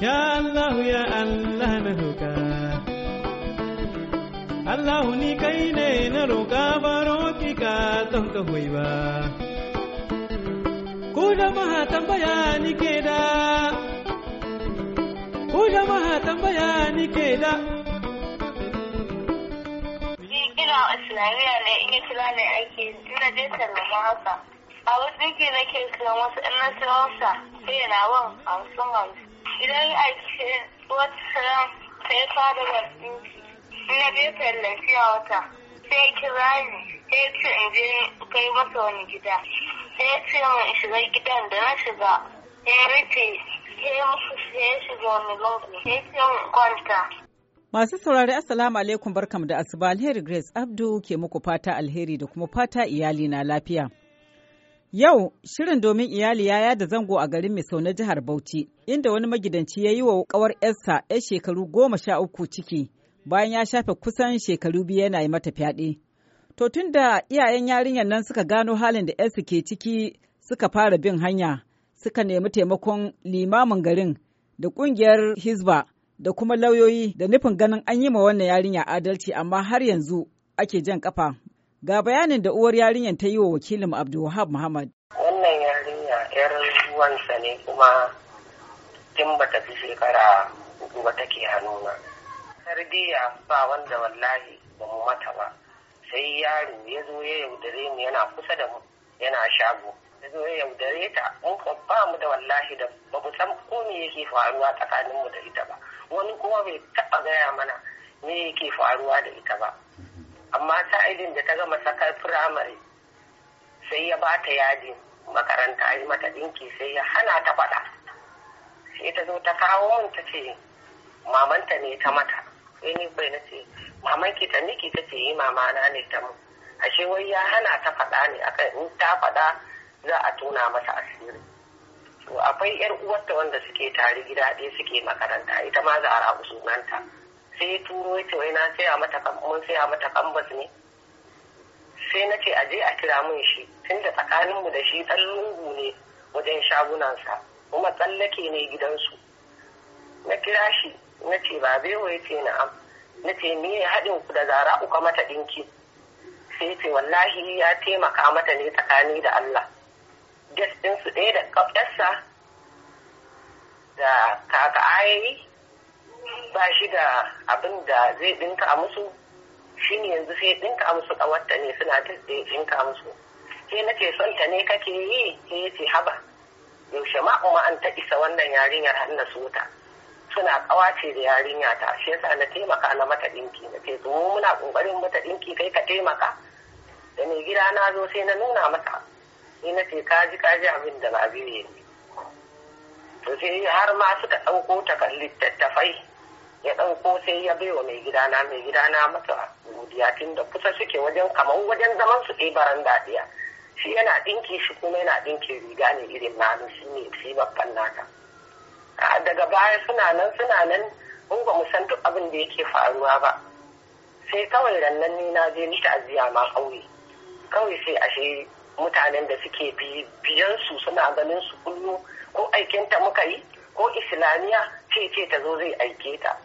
Ya Allah ya Allah na roƙa Allah ni kai ne na roƙa baro ki ka don ka hoyi ba Ku jama'a tambaya ni ke da Ku jama'a tambaya ni ke da Ni a sinariya ne ina yi kira ne aiki ina je sallama haka a wasu ke nake kiran wasu in na sai na wan hamsin hamsin idan a wata ta ya fara wasu na je tallafi a wata sai kira ni sai ce in je kai masa wani gida sai ce in shiga gidan da na shiga ya rufe sai musu sai shiga wani lungu sai ce in kwanta Masu saurari Assalamu alaikum barkam da asuba alheri Grace Abdu ke muku fata alheri da kuma fata iyali na lafiya. Yau shirin domin iyali ya yada zango a garin Misau na jihar Bauchi, inda wani magidanci ya yi wa kawar yarsa 'yar shekaru goma sha uku ciki bayan ya shafe kusan shekaru biyu yana yi mata fyaɗe. To tun da iyayen yarinyar nan suka gano halin da 'yarsu ke ciki suka fara bin hanya, suka nemi taimakon limamin garin da ƙungiyar Hizba da kuma lauyoyi da nufin ganin an yi ma wannan yarinya adalci amma har yanzu ake jan kafa Ga bayanin da uwar yarinyar ta yi wa wakilin Abdulwahab Muhammad. Wannan yarinya yar ruwansa ne kuma tun bata fi shekara hudu ba take hannuna. Sardiya ba wanda wallahi ba mu mata ba. Sai yaro ya zo ya yaudare mu yana kusa da mu yana shago. Ya zo ya yaudare ta mun ba mu da wallahi da ba mu san ko me yake faruwa tsakanin mu da ita ba. Wani kuma bai taɓa gaya mana me yake faruwa da ita ba. amma sa'idin da ta gama sakar firamare sai ya ba ta yajin makaranta yi mata dinki sai ya hana ta faɗa sai ta zo ta kawo ta ce mamanta ne ta mata sai ni bai na ce maman ki ta niki ta ce yi eh, mama na ne ta mu ashe wai ya hana ta faɗa ne akan in ta faɗa za a tona masa asiri to akwai yar uwarta wanda suke tare gida ɗaya suke makaranta ita ma za a rabu sunanta sai turo ya wai na saya mata mun a mata kambas ne sai na ce aje a kira mun shi tunda tsakaninmu da shi dan lungu ne wajen shagunansa kuma tsallake ne gidansu na kira shi na ce ba bewa wai ce na'am na ce me haɗin ku da zara uka mata ɗinki sai ce wallahi ya taimaka mata ne tsakani da Allah gas ɗinsu ɗaya da ƙafƙarsa da kaka ayayi ba shi da abin da zai dinka musu shi ne yanzu sai dinka musu kawarta ne suna ta dinka musu ke na ce son ta ne kake yi ke ya ce haba yaushe ma kuma an ta isa wannan yarinyar har na Suna suna ce da yarinya ta shi yasa na taimaka na mata dinki na ce mu muna kokarin mata dinki kai ka taimaka da mai gida na zo sai na nuna mata ni na ce ka ji ka ji abin da na biye ne to sai har ma suka ɗauko ta kalli ta kwai ya ɗauko sai ya bai wa mai gidana mai gidana masa godiya tun da kusa suke wajen kamar wajen zaman su ɗaya baranda ɗaya shi yana ɗinki shi kuma yana ɗinki riga ne irin na shi ne shi babban naka daga baya suna nan suna nan in ba mu san duk abin da yake faruwa ba sai kawai rannan ni na je ni aziya ma ƙauye kawai sai ashe mutanen da suke biyan su suna ganin su kullu ko aikinta muka yi ko islamiyya ce ce ta zo zai aike ta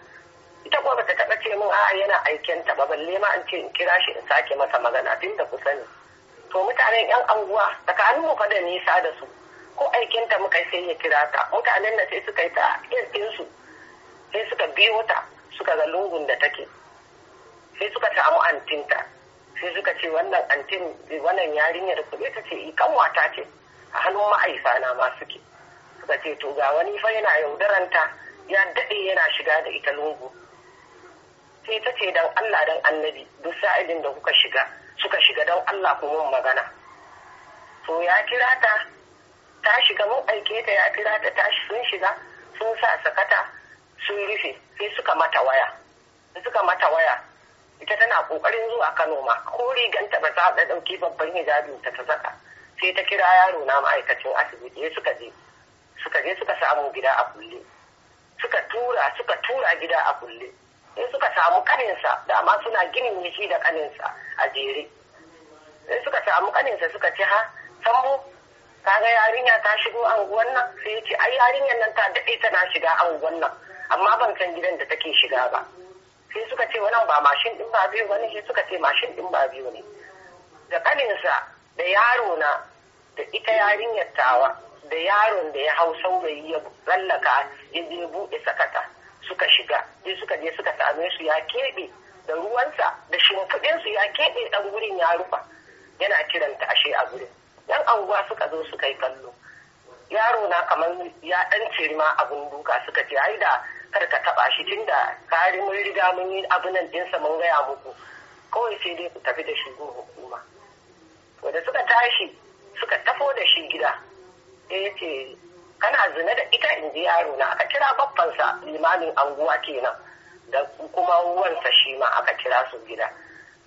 ita kuma bata taɓa ce min a'a yana aiken ta ba balle ma an ce in kira shi in sake masa magana tun da ku sani to mutanen yan anguwa tsakanin mu fa da nisa da su ko aiken ta muka sai ya kira ta mutanen da sai suka yi ta irin su sai suka biyo ta suka ga lungun da take sai suka samu antinta sai suka ce wannan antin wannan yarinyar kuɗi ta ce eh, kanwata ce a hannun ma'aifa na ma suke suka ce to ga wani fa yana yaudaranta ya daɗe yana shiga da ita lungu sai ta ce don Allah don annabi duk sa'idin da kuka shiga suka shiga don Allah ku mun magana to ya kira ta ta shiga mun aike ta ya kira ta ta sun shiga sun sa sakata sun rufe sai suka mata waya suka mata waya ita tana kokarin zuwa Kano ma ko riganta ba ta da dauki babban hijabin ta ta saka sai ta kira yaro na ma'aikacin asibiti ya suka je suka je suka samu gida a kulle suka tura suka tura gida a kulle in suka samu kaninsa dama suna ginin ne shi da kaninsa a jere in suka samu kaninsa suka ce ha sambo kaga yarinya ta shigo anguwan nan sai ya ai yarinyar nan ta daɗe tana shiga anguwan nan amma ban san gidan da take shiga ba sai suka ce wannan ba mashin din ba biyu bane sai suka ce mashin din ba biyu ne da kaninsa da yaro na da ita yarinyar tawa da yaron da ya hau saurayi ya tsallaka ya je buɗe sakata suka shiga sai suka je suka same su ya keɓe da ruwansa da shimfiɗinsu ya keɓe ɗan wurin ya rufa yana kiranta ashe a gurin yan anguwa suka zo suka yi kallo yaro na kamar ya ɗan cirma ma abun duka suka ce ai da kar ka taɓa shi tunda kari mun riga mun yi abunan ɗinsa mun gaya muku kawai sai dai ku tafi da shi gun hukuma to suka tashi suka tafo da shi gida E ya ce kana zina da ita in ji yaro na aka kira babbansa limamin anguwa kenan da kuma wansa shi ma aka kira su gida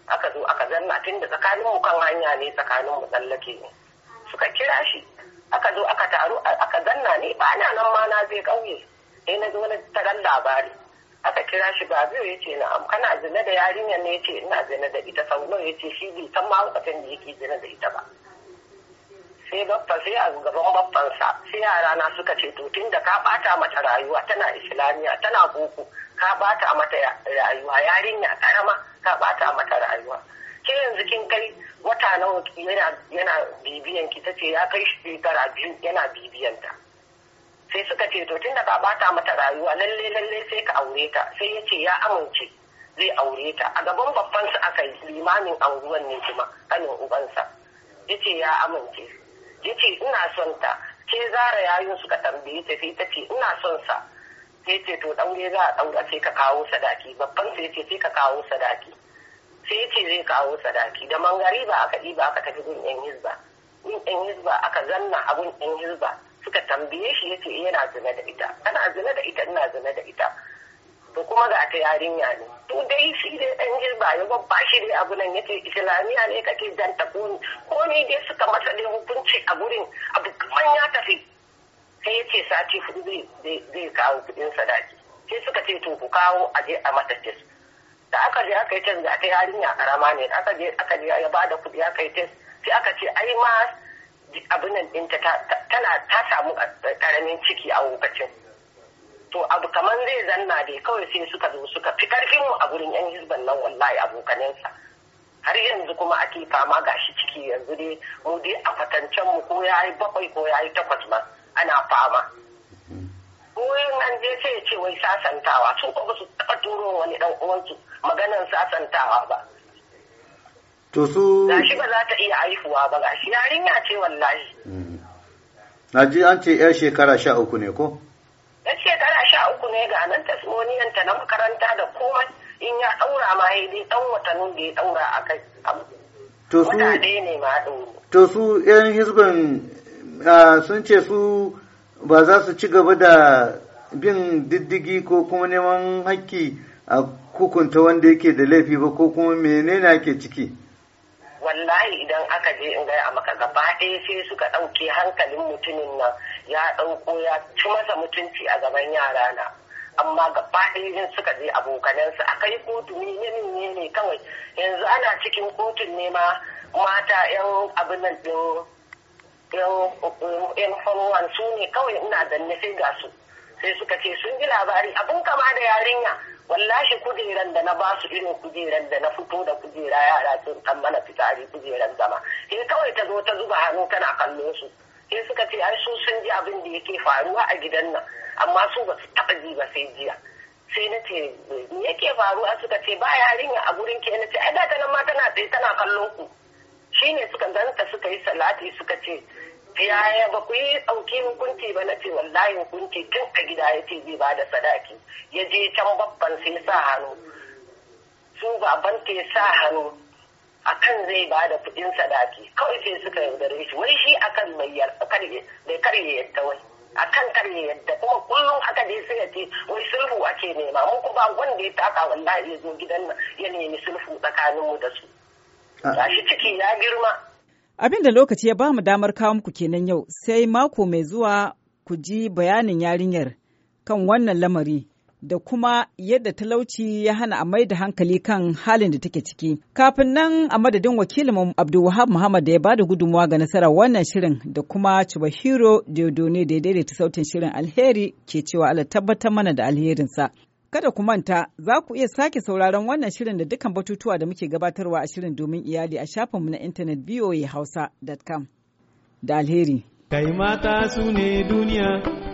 aka zo aka zanna tun da tsakanin mu kan hanya ne tsakanin mu tsallake ne suka kira shi aka zo aka taru aka zanna ne ba na nan ma na zai kauye eh na zo na labari aka kira shi ba zai ya ce na'am kana zina da yarinyar ne ya ce ina zina da ita sau nawa ya ce shi bai san ma lokacin da yake zina da ita ba sai baffa sai a gaban babbansa sai yara na suka ce to tun da ka bata mata rayuwa tana islamiya tana boko ka bata mata rayuwa yarinya karama ka bata mata rayuwa ke yanzu kin kai wata nawa yana yana bibiyan ki tace ya kai shekara biyu yana bibiyan ta sai suka ce to tun da ka bata mata rayuwa lalle lalle sai ka aure ta sai ya ce ya amince zai aure ta a gaban babban su aka yi limamin anguwan ne kuma kanin ubansa ya ce ya amince ya ina son ta sai zara yayin suka tambaye ta sai ta ce ina son sa sai ce to daure za a daura sai ka kawo sadaki babban sai ce sai ka kawo sadaki sai ce zai kawo sadaki da mangari ba aka ɗiba aka tafi gun yan hizba gun yan hizba aka zanna a gun yan hizba suka tambaye shi yace eh, yana zina da ita ana zina da ita ina zina da ita to kuma ga ta yarinya ne to dai shi dai ɗan jirba ya babba shi dai abu nan yake islamiyya ne kake danta ko ko ni dai suka masa dai hukunci a gurin abu kaman ya tafi sai ce sati hudu zai kawo kuɗin sadaki sai suka ce to ku kawo a je a mata test da aka je aka yi test ga ta yarinya karama ne aka je aka je ya bada kudi aka yi test sai aka ce ai ma abin nan ɗinta tana ta samu karamin ciki a lokacin an zai zanna dai kawai sai suka zo suka fi karfin mu a gurin yan hizban nan wallahi abokanansa har yanzu kuma ake fama gashi ciki yanzu dai mu dai a fatancen mu ko yayi bakwai ko yayi takwas ma ana fama wurin an je sai ya ce wai sasantawa sun kuma su taɓa turo wani ɗan uwansu maganan sasantawa ba to su gashi ba za ta iya haihuwa ba gashi yarinya ce wallahi hmm. na ji an ce yar shekara sha uku ne ko ya shekara sha uku ne ga nan tasmoniyan na makaranta da komai in ya daura ma ya dai dan watannin da ya daura a kai to ne ma to su yan hizbin sun ce su ba za su ci gaba da bin diddigi ko kuma neman haƙƙi a hukunta wanda yake da laifi ba ko kuma menene ake ciki wallahi idan aka je in gaya maka gaba ɗaya sai suka ɗauke hankalin mutumin nan ya ɗauko ya ci masa mutunci a gaban yara na amma faɗi yin suka je abokanansu aka yi kotu ne ne ne kawai yanzu ana cikin kotun ne ma mata 'yan abin nan ɗin yan faruwan su ne kawai ina danne sai ga su sai suka ce sun ji labari abin kama da yarinya wallashi kujeran da na ba su irin kujeran da na fito da kujera yara sun kan mana fitari kujeran zama sai kawai ta zo ta zuba hannu tana kallon su sai suka ce ai sun sun ji abin da yake faruwa a gidan nan amma su ba su taba ji ba sai jiya sai na ce me yake faruwa suka ce ba yarinya a gurin ke na ce ai da nan ma tana tsaye tana kallon ku shine suka ganta suka yi salati suka ce yaya ba ku yi ɗauki hukunci ba na ce wallahi hukunci tun a gida ya ce zai ba da sadaki ya je can babban sai sa hannu su baban ke sa hannu akan zai ba da kuɗin sadaki kawai sai suka yaudare shi wai shi akan mai bai karye yadda wai akan karye yadda kuma kullum haka dai suka ce wai sulhu ake nema mun kuma wanda ya taka wallahi ya zo gidan nan ya nemi sulhu tsakanin mu da su ah. shi ciki ya girma abin da lokaci ya bamu damar kawo muku kenan yau sai mako mai zuwa ku ji bayanin yarinyar kan wannan lamari da kuma yadda talauci ya hana a mai da hankali kan halin da take ciki. Kafin nan a madadin wakilin Abdulwahab Muhammad da ya bada gudunmawa ga nasarar wannan shirin da kuma Chubahiro Diodone da ya daidaita sautin shirin alheri ke cewa Allah tabbatar mana da alherinsa. Kada ku manta za ku iya sake sauraron wannan shirin da dukkan batutuwa da muke gabatarwa a shirin domin iyali a shafinmu na intanet voahausa.com da alheri. Kai mata su ne duniya